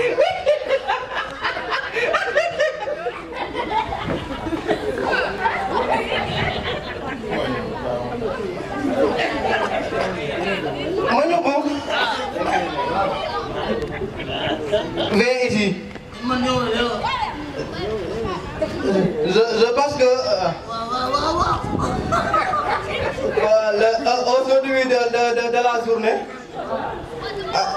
ma ñëw mais ici. je je pense que. Euh, euh le, euh, aujourd'hui de, de, de, de la journée. Ah.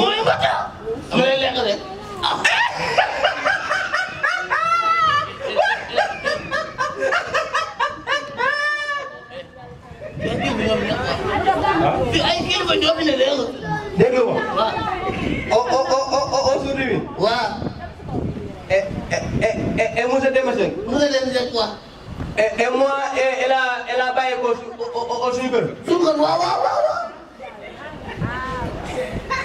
mooy mbata ma lay lekk rek fi ay kilifa ñoo fi ne léegi. dégg nga wax. waaw. o o o o suuf bi. waaw. et et et e, e, monsieur Demba Seck. monsieur Demba Seck quoi. et et moi elle e a elle a bàyyi ko su au suñu kër. suñu kër waaw waaw waaw.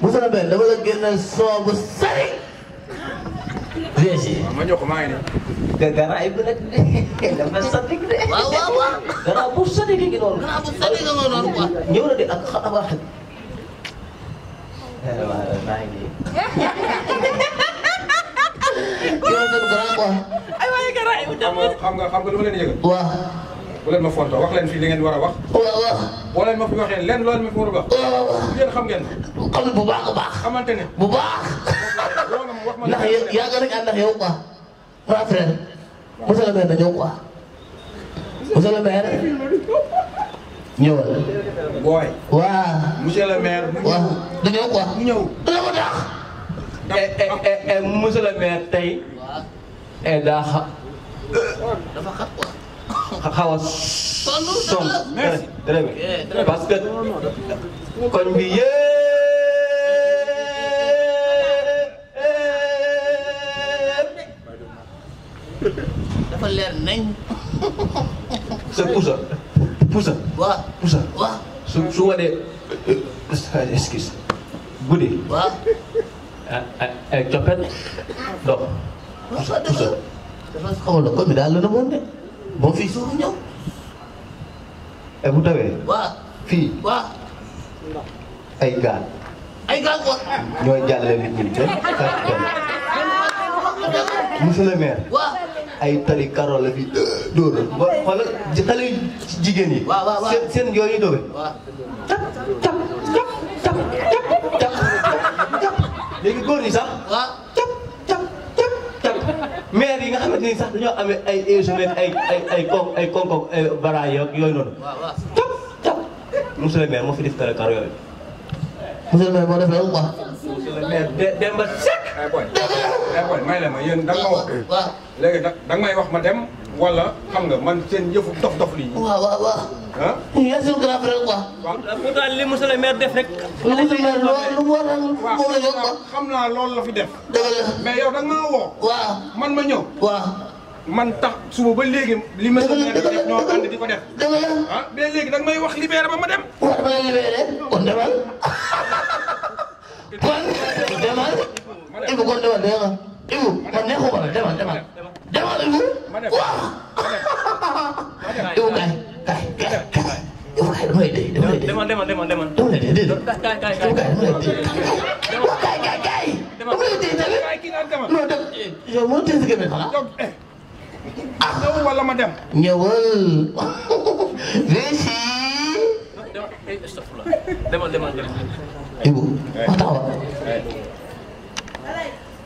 Moussa Bell dama la génneel soo bu sari. Viesi. ma ñoo ko maa ngi nii. nga garaay bi nag de dafa sadik de. waaw waaw waaw. garaay bu sadik gi noonu. garaay bu sadik nga noonu quoi. ñëw na de ak xam nga Kamu kamu maa ngi nii. ñëw na de garaay quoi. ay waaye garaay bi dama. xam nga xam nga lu ma leen yëgal. waaw bu leen ma fontoo wax leen fii li ngeen war a wax. waaw oh, waaw. Oh, oh. boo leen ma fi waxee lenn loolu ma fi war a wax. waaw waaw yéen xam ngeen. xam bu baax a baax. xamante ne bu baax. loolu moom ndax yow yaa rek ànd yow quoi. waaw frère. monsieur le maire dañoo quoi. monsieur le maire. ñëwal. booy. waaw. monsieur le maire. waaw dañoo quoi. ñëw dina ko daax. Eh, eh, eh, monsieur le maire tey. waaw. daa xam. dafa xam quoi. xaw a somb parce que koñ bi yëpp eh, eh. dafa leer nañ sa pusa pusa waaw pusa waaw su su wanee excuse guddi waaw ay eh, coppet donc pusa dafa xaw la koñ bi daal la na moom de boo fiy suuf ñëw. et tawee. fii. waaw. ay gaal. ay gaal quoi. ñooy jàllale nit ñi dem ak dem. monsieur le ay tali karo la euh, dóor ba wala xale jigéen yi. seen seen yooyu dobe. tap tap tap tap tap tap léegi góor ñi sax. waaw. maire yi nga xamante ni sax dañoo amee ay ingénieur ay ay ay con ay konko bara yo yooyu noonu cap cap monsieur le maire moo fi def kër kar yooyu monsieur le maire moo def loolu quoi monsieur le maire Demba Seck may la ma yéen da nga ma wax léegi da nga may wax ma dem wala xam nga man seen yëfu dof dof lii. waaw waaw waaw. ah. yéen suñu grand frère quoi. waaw mu daal li monsieur le maire def rek. lu monsieur le maire lu mu waral. waaw xam naa loolu la fi def. dëgg la mais yow da nga woo. waaw man ma ñëw. waaw. man tax suba ba léegi li ma sëñ bi def ñoo ànd di ko def. dëgg la ah mais léegi da nga may wax libéré ba ma dem. waaw ma libéré kon demal. kon demal. Ibu kon demal demal. Ibu man neexuma la demal demal. demal waaw. yow kay kay kay kay yow kay damay dee damay dee. demal demal demal demal. damay dee dee. kay kay kay yow kay kay kay kay. damay dee tamit. non dem yow moo tee si gën a xanaa. ah ñëwul wala ma dem. ñëwal. demal demal demal. Ibu ma taxawal.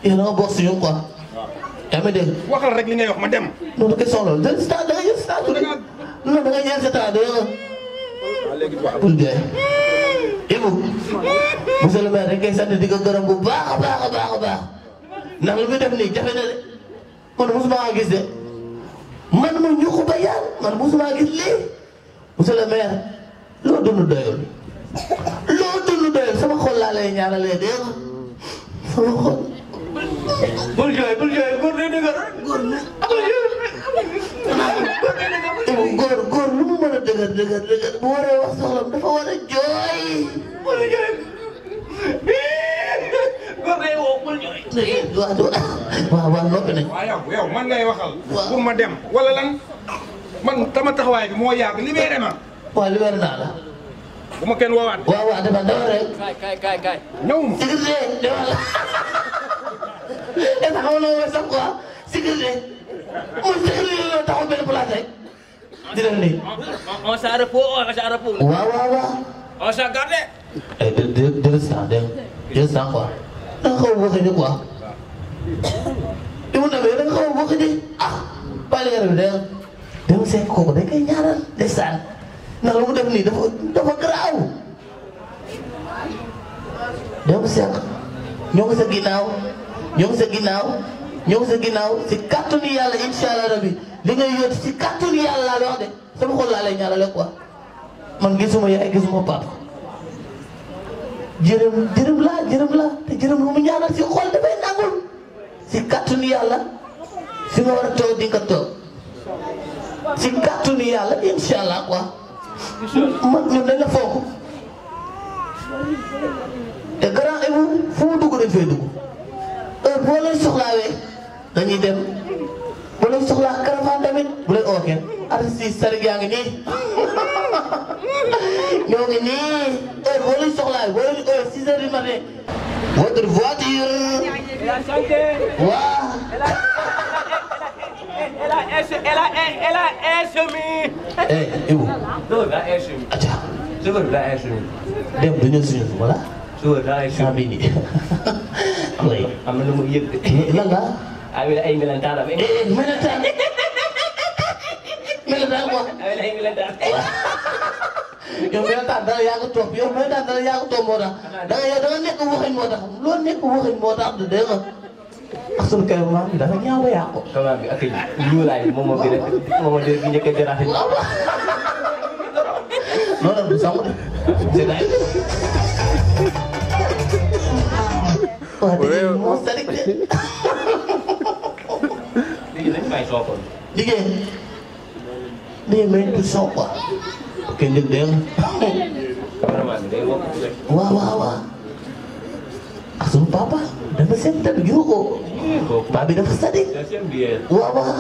yow da nga bokk si ñun quoi. yaa ma de waxal rek li ngay wax ma dem. loolu question la jël sita da nga jël sita tuuti. non da nga jël sita de. pour bien. Ibou. monsieur le sant di ko gërëm bu baax a baax a baax a de man mosuma gis de man ma ñu ko bayaan man mosuma gis lii. monsieur le maire loo dund doyul. loo dund doyul sama xol laa lay ñaanalee dégg nga sama bul jooy bul jooy góor day dëgër rek. góor mu góor góor lu mu mën a dëgër dëgër dëgër bu waree wax soxlam dafa war a bul jooy góor day woo bul jooy. waaw waaw noppi nañ. waaw yow yow man ngay waxal. ma dem wala lan man tama taxawaay bi moo yàgg libéré ma. waaw libéré naa bu ma kenn woowaat. waaw waaw dama dama kaay kaay kaay kaay. est-ce que xam naa mooy sax quoi sécurité mooy sécurité la taxaw benn place rek di leen nii. on s'en repos on s'en repos. waaw waaw waaw. on s'en garde. ay eh, deux deux deux cent deux deux cent quoi. da nga xaw a bokk nga xaw a bokk ni ah. Pallé Yara bi day am. dem seen kooku lu mu def nii dafa dafa garaaw. dem seen ñoo ko sa ginnaaw. ñëw sa ginnaaw ñëw sa ginnaaw si kàttanu yàlla incha rabi li ngay yóot si kàttanu yàlla laa wax de sama xol laa lay ñaanale quoi man gisuma yaay gisuma papa. jërëm jërëm laa jërëm laa te jërëm lu mu ñaanal si xol dafay nangul si kàttanu yàlla si nga war a toog di toog si kàttanu yàlla incha allah quoi. mag ñun la foog te grand ému fu mu dugg dañ fay dugg. sur la leen vous dem bu leen là tamit bu leen oo kenn artistes yi sari yaa ngi nii ñoo du matin Elle a un chemin. Elle a Eh, et où Non, elle a la ah, Dem, nous une, voilà. Je la play. I'm not going to play. Lala. I will aim and tell them. Militant. Militant. I will aim and tell Yang militan dari aku tuh, yang militan dari aku tuh moda. Dari yang dengan ni kubuhin moda, lu ni kubuhin moda abdu dengar. Asal kayak mami, dah nyawa ya aku. Kau mami, oke, lu lah, mau mau dia, mau mau dia gini kejerahin. Nona bisa mau, sedang. waaw dëgg moom Sadick de. léegi nañu may soog kon. liggéey. léegi nañu ko soog quoi. ok njëg de la. cameraman bi day wokk rek. waaw waaw waaw. ak sunu papa. dafa seen tamit gis nga ko. paa bi dafa Sadick. waaw waaw.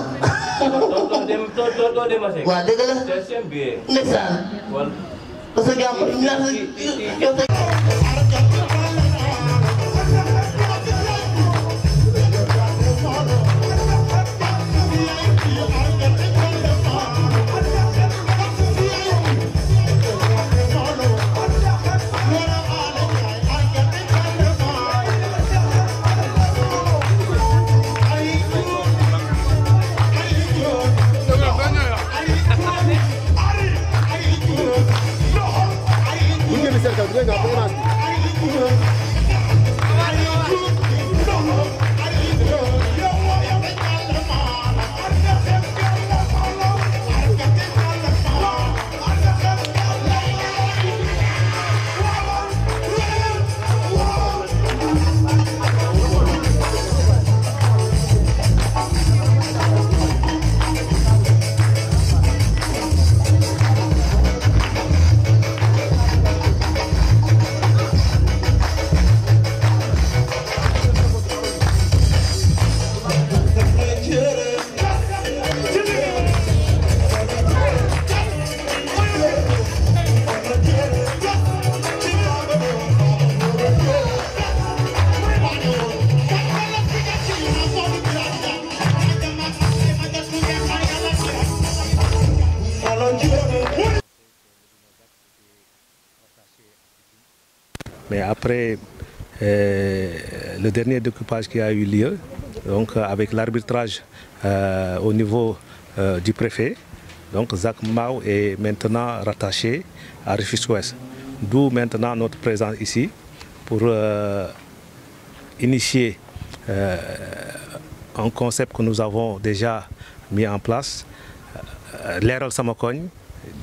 waaw dëgg la. ndeysaan. parce que yow Mais après euh, le dernier découpage qui a eu lieu, donc avec l'arbitrage euh, au niveau euh, du préfet, donc Zach Mao est maintenant rattaché à Rufus-Ouest. D'où maintenant notre présence ici pour initier un concept que nous avons déjà mis en place, au Samokogne,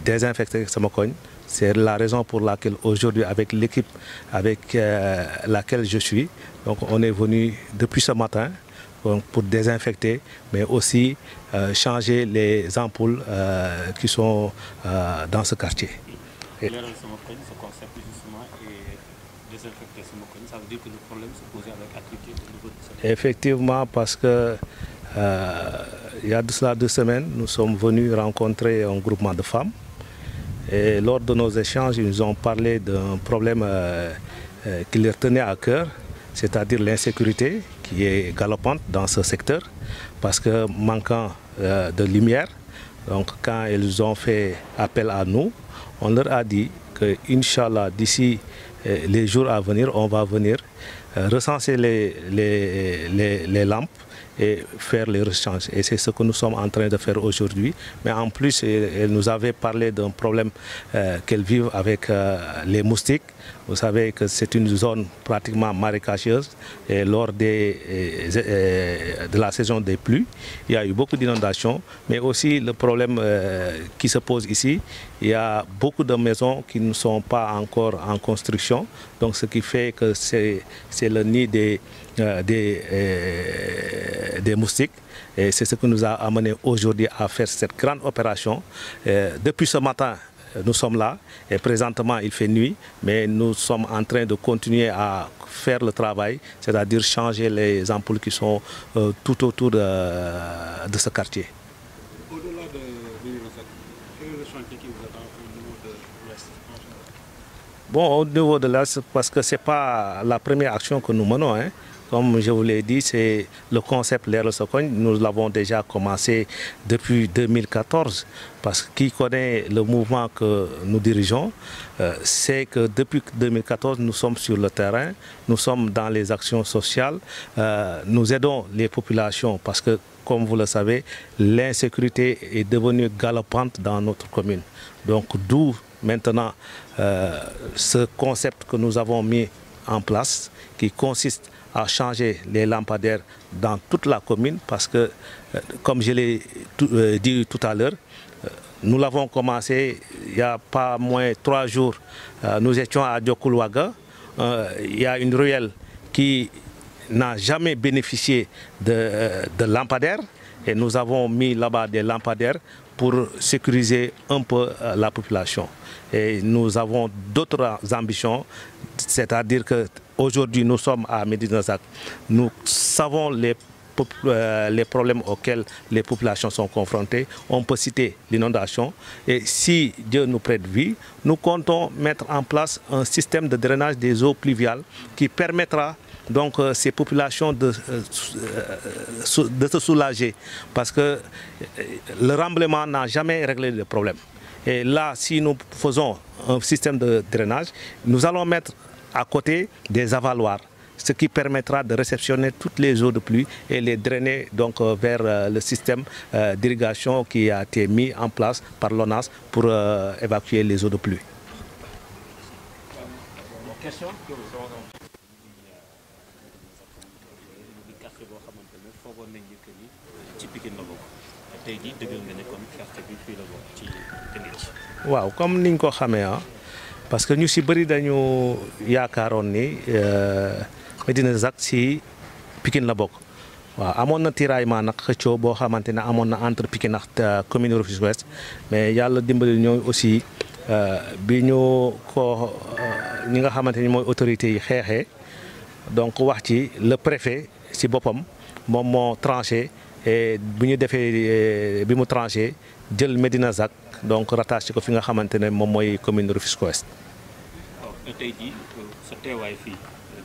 désinfecter Samokogne. C'est la raison pour laquelle aujourd'hui, avec l'équipe avec euh, laquelle je suis, donc on est venu depuis ce matin pour désinfecter, mais aussi euh, changer les ampoules euh, qui sont dans ce quartier. Et... Effectivement, parce que il y a de cela deux semaines, nous sommes venus rencontrer un groupement de femmes lors de nos échanges, ils nous ont parlé d'un problème euh, euh, qui leur tenait à cœur, c'est-à-dire l'insécurité qui est galopante dans ce secteur, parce que manquant euh, de lumière, donc quand ils ont fait appel à nous, on leur a dit que, Inch'Allah, d'ici les jours à venir, on va venir euh, recenser les, les, lampes et faire les rechanges. Et c'est ce que nous sommes en train de faire aujourd'hui. Mais en plus, elle nous avait parlé d'un problème euh, qu'elle vit avec euh, les moustiques. Vous savez que c'est une zone pratiquement marécageuse et lors des, de la saison des pluies, il y a eu beaucoup d'inondations, mais aussi le problème qui se pose ici, il y a beaucoup de maisons qui ne sont pas encore en construction, donc ce qui fait que c'est le nid des, euh, euh, des, moustiques. Et c'est ce qui nous a amené aujourd'hui à faire cette grande opération. Euh, depuis ce matin, nous sommes là et présentement il fait nuit, mais nous sommes en train de continuer à faire le travail, c'est-à-dire changer les ampoules qui sont tout autour de ce quartier. Bon, au niveau de là, parce que ce n'est pas la première action que nous menons. Hein. Comme je vous l'ai dit, c'est le concept L'air Socogne. Nous l'avons déjà commencé depuis 2014. Parce que qui connaît le mouvement que nous dirigeons, c'est euh, que depuis 2014, nous sommes sur le terrain, nous sommes dans les actions sociales, euh, nous aidons les populations parce que, comme vous le savez, l'insécurité est devenue galopante dans notre commune. Donc, d'où Maintenant, euh, ce concept que nous avons mis en place, qui consiste à changer les lampadaires dans toute la commune, parce que, euh, comme je l'ai euh, dit tout à l'heure, nous l'avons commencé il n'y a pas moins de trois jours. nous étions à Diokulwaga. il y a une ruelle qui n'a jamais bénéficié de lampadaires et nous avons mis là-bas des lampadaires pour sécuriser un peu euh, la population. Et nous avons d'autres ambitions, c'est-à-dire que Aujourd'hui, nous sommes à Médina Nous savons les euh, les problèmes auxquels les populations sont confrontées. On peut citer l'inondation. Et si Dieu nous prête vie, nous comptons mettre en place un système de drainage des eaux pluviales qui permettra donc euh, ces populations de, euh, de se soulager parce que le remblaiement n'a jamais réglé le problème. Et là, si nous faisons un système de drainage, nous allons mettre à côté des avaloirs ce qui permettra de réceptionner toutes les eaux de pluie et les drainer donc euh, vers euh, le système euh, d'irrigation qui a été mis en place par l'ONAS pour évacuer les eaux de pluie. Ah, parce que medina zak si Pikine la bok waaw amoon na tiraillement nag xëccoo boo xamante ne amoon na entre Pikine ak euh, commune Rufisque est. mais yàlla dimbali ñooy aussi euh, bi ñu ko euh, ñi nga xamante ni mooy autorités yi xeexee donc wax ci le préfet si boppam moom moo tranché et bi ñu defee bi mu tranché jël medina zak donc rattaché ko fi nga xamante ne moom mooy commune Rufisque Ouest Wala, jii sa teewaay fii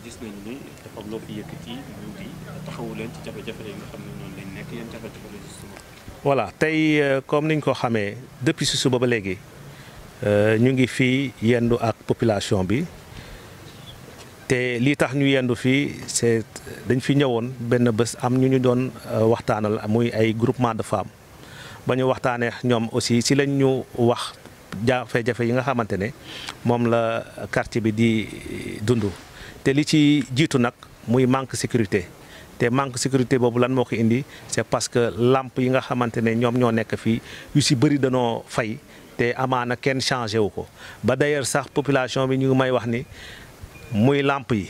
gis nañ ni di taxawu comme niñ ko xamee depuis si suba ba léegi eh, ñu ngi fii yendu ak population bi te lii tax ñu yendu fii c'est dañ fi ñëwoon benn bés am ñu ñu doon eh, waxtaanal muy ay groupement de femmes ba ñu waxtaanee ñoom aussi si lañ ñu wax jafe-jafe yi nga xamante ne moom la quartier bi di dund te li ci jiitu nag muy manque sécurité te manque sécurité boobu lan moo ko indi c'est parce que làmp yi nga xamante ne ñoom ñoo nekk fii yu si bëri danoo fay te amaana kenn changé wu ko ba d'ailleurs sax population bi ñu ngi may wax ni muy làmp yi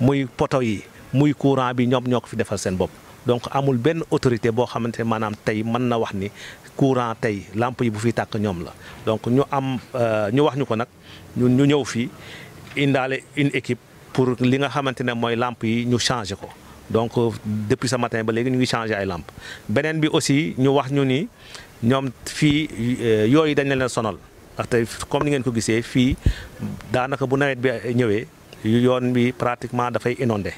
muy poto yi muy courant bi ñoom ñoo ko fi defal seen bopp donc amul benn autorité boo xamante ne maanaam tey mën na wax ni courant tey làmp yi bu fi tàkk ñoom la donc ñu am euh, ñu wax ñu ko nag ñu ñëw fii indaale une équipe pour li nga xamante ne mooy làmp yi ñu changé ko donc euh, depuis sa matin ba léegi ñu ngi changé ay làmp beneen bi aussi ñu wax ñu ni ñoom fii euh, yooyu dañ leen sonal ndaxte comme ni ngeen ko gisee fii daanaka bu nawet bi ñëwee. yoon bi pratiquement dafay inondé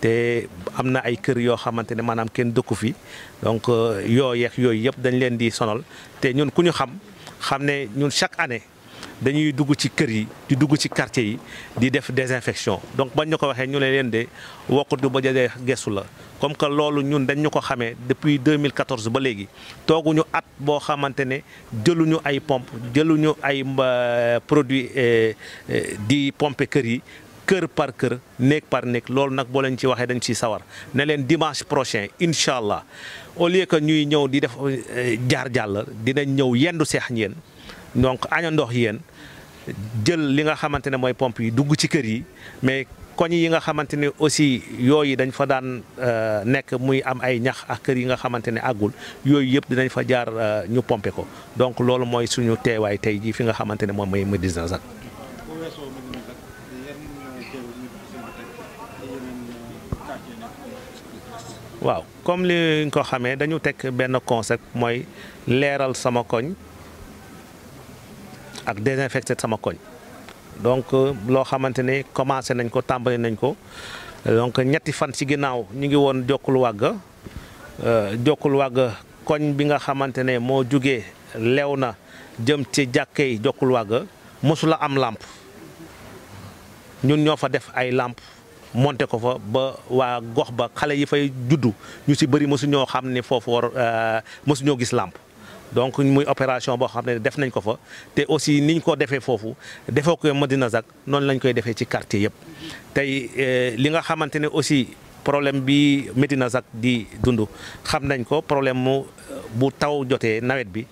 té amna ay kër yo xamanténi manam maanaam kenn dëkku fi donc euh, yoo yeex yooyu yëpp dañ leen di sonal té ñun kuñu xam xamné ñun chaque année dañuy dugg ci kër yi di dugg ci quartier yi di def désinfection donc bañ ñu ko waxee ñu ne leen dé waxu du ba jëlee gessu la comme que lolu ñun dañ ñu ko xamee depuis 2014 ba léegi tooguñu at bo xamante ne jëluñu ay pompe jëluñu ay euh, produit euh, di pomper kër yi kër par kër néeg par néeg loolu nag boo leen ci waxee dañ ciy sawar ne leen dimanche prochain incha allah au lieu que ñuy ñëw di def euh, jaar jàll dinañ ñëw yendu seex yéen donc aña ndox yéen jël li nga xamante ne mooy pompe yi dugg ci kër yi mais koñ yi nga xamante ne aussi yooyu dañ fa daan euh, nekk muy am ay ñax ak kër yi nga xamante ne àggul yooyu yëpp dinañ fa jaar euh, ñu pompe ko donc loolu mooy suñu teewaay tey jii fi nga xamante ne moom mooy Médina Zac waaw comme li nga ko xamee dañu teg benn concept mooy leeral sama koñ ak désinfecté sama koñ donc euh, loo xamante ne commencé nañ ko tàmbali nañ ko donc ñetti fan ci ginnaaw ñu ngi woon jokkul wàgg euh, jokkul wàgg koñ bi nga xamante ne moo jugee lew na jëm ci jàkkee jokkul wàgg mosula am làmp ñun ñoo fa def ay làmp monté ko fa ba waa gox ba xale yi fay juddu ñu si bëri mosu ñoo xam ne foofu war euh, mosu ñoo gis làmp donc muy opération boo xam ne def nañ ko fa te aussi niñ ko defee foofu defoo ko Medina Zac noonu lañ koy defee ci quartier yëpp tey euh, li nga xamante ne aussi problème bi Medina Zac di dundu xam nañ ko problème mu euh, bu taw jotee nawet bi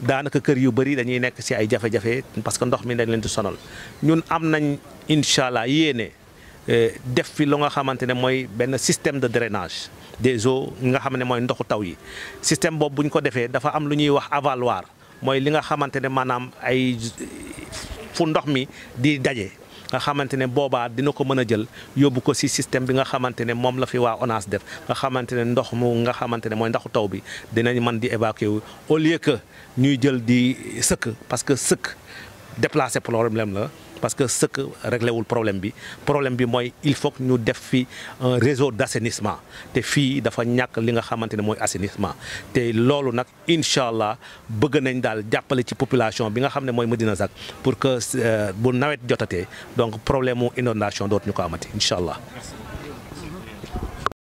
daanaka kër yu bëri dañuy nekk si ay jafe-jafe parce que ndox mi dañ leen di sonal ñun am nañ incha allah yéene Euh, def fi lu nga xamante ne mooy benn système de drainage des eaux nga xam ne mooy ndoxu taw yi système boobu bu ñu ko defee dafa am lu ñuy wax avaloir mooy li nga xamante ne maanaam ay fu ndox mi di daje. nga xamante ne boobaa dina ko mën a jël yóbbu ko si système bi nga xamante ne moom la fi waa ONAS def nga xamante ne ndox mu nga xamante ne mooy ndaxu taw bi dinañ mën di évacuer wu au lieu que ñuy jël di sëkk parce que sëkk déplacer problème la. parce que sëkk réglé wul problème bi problème bi mooy il faut que ñu def fi un réseau d' assainissement te fii dafa ñàkk li nga xamante ne mooy assainissement te loolu nag incha allah bëgg nañ daal jàppale ci population bi nga xam ne mooy Medina Zac pour que euh, bu nawet jotatee donc problème mu inondation dootuñu ko amati incha allah.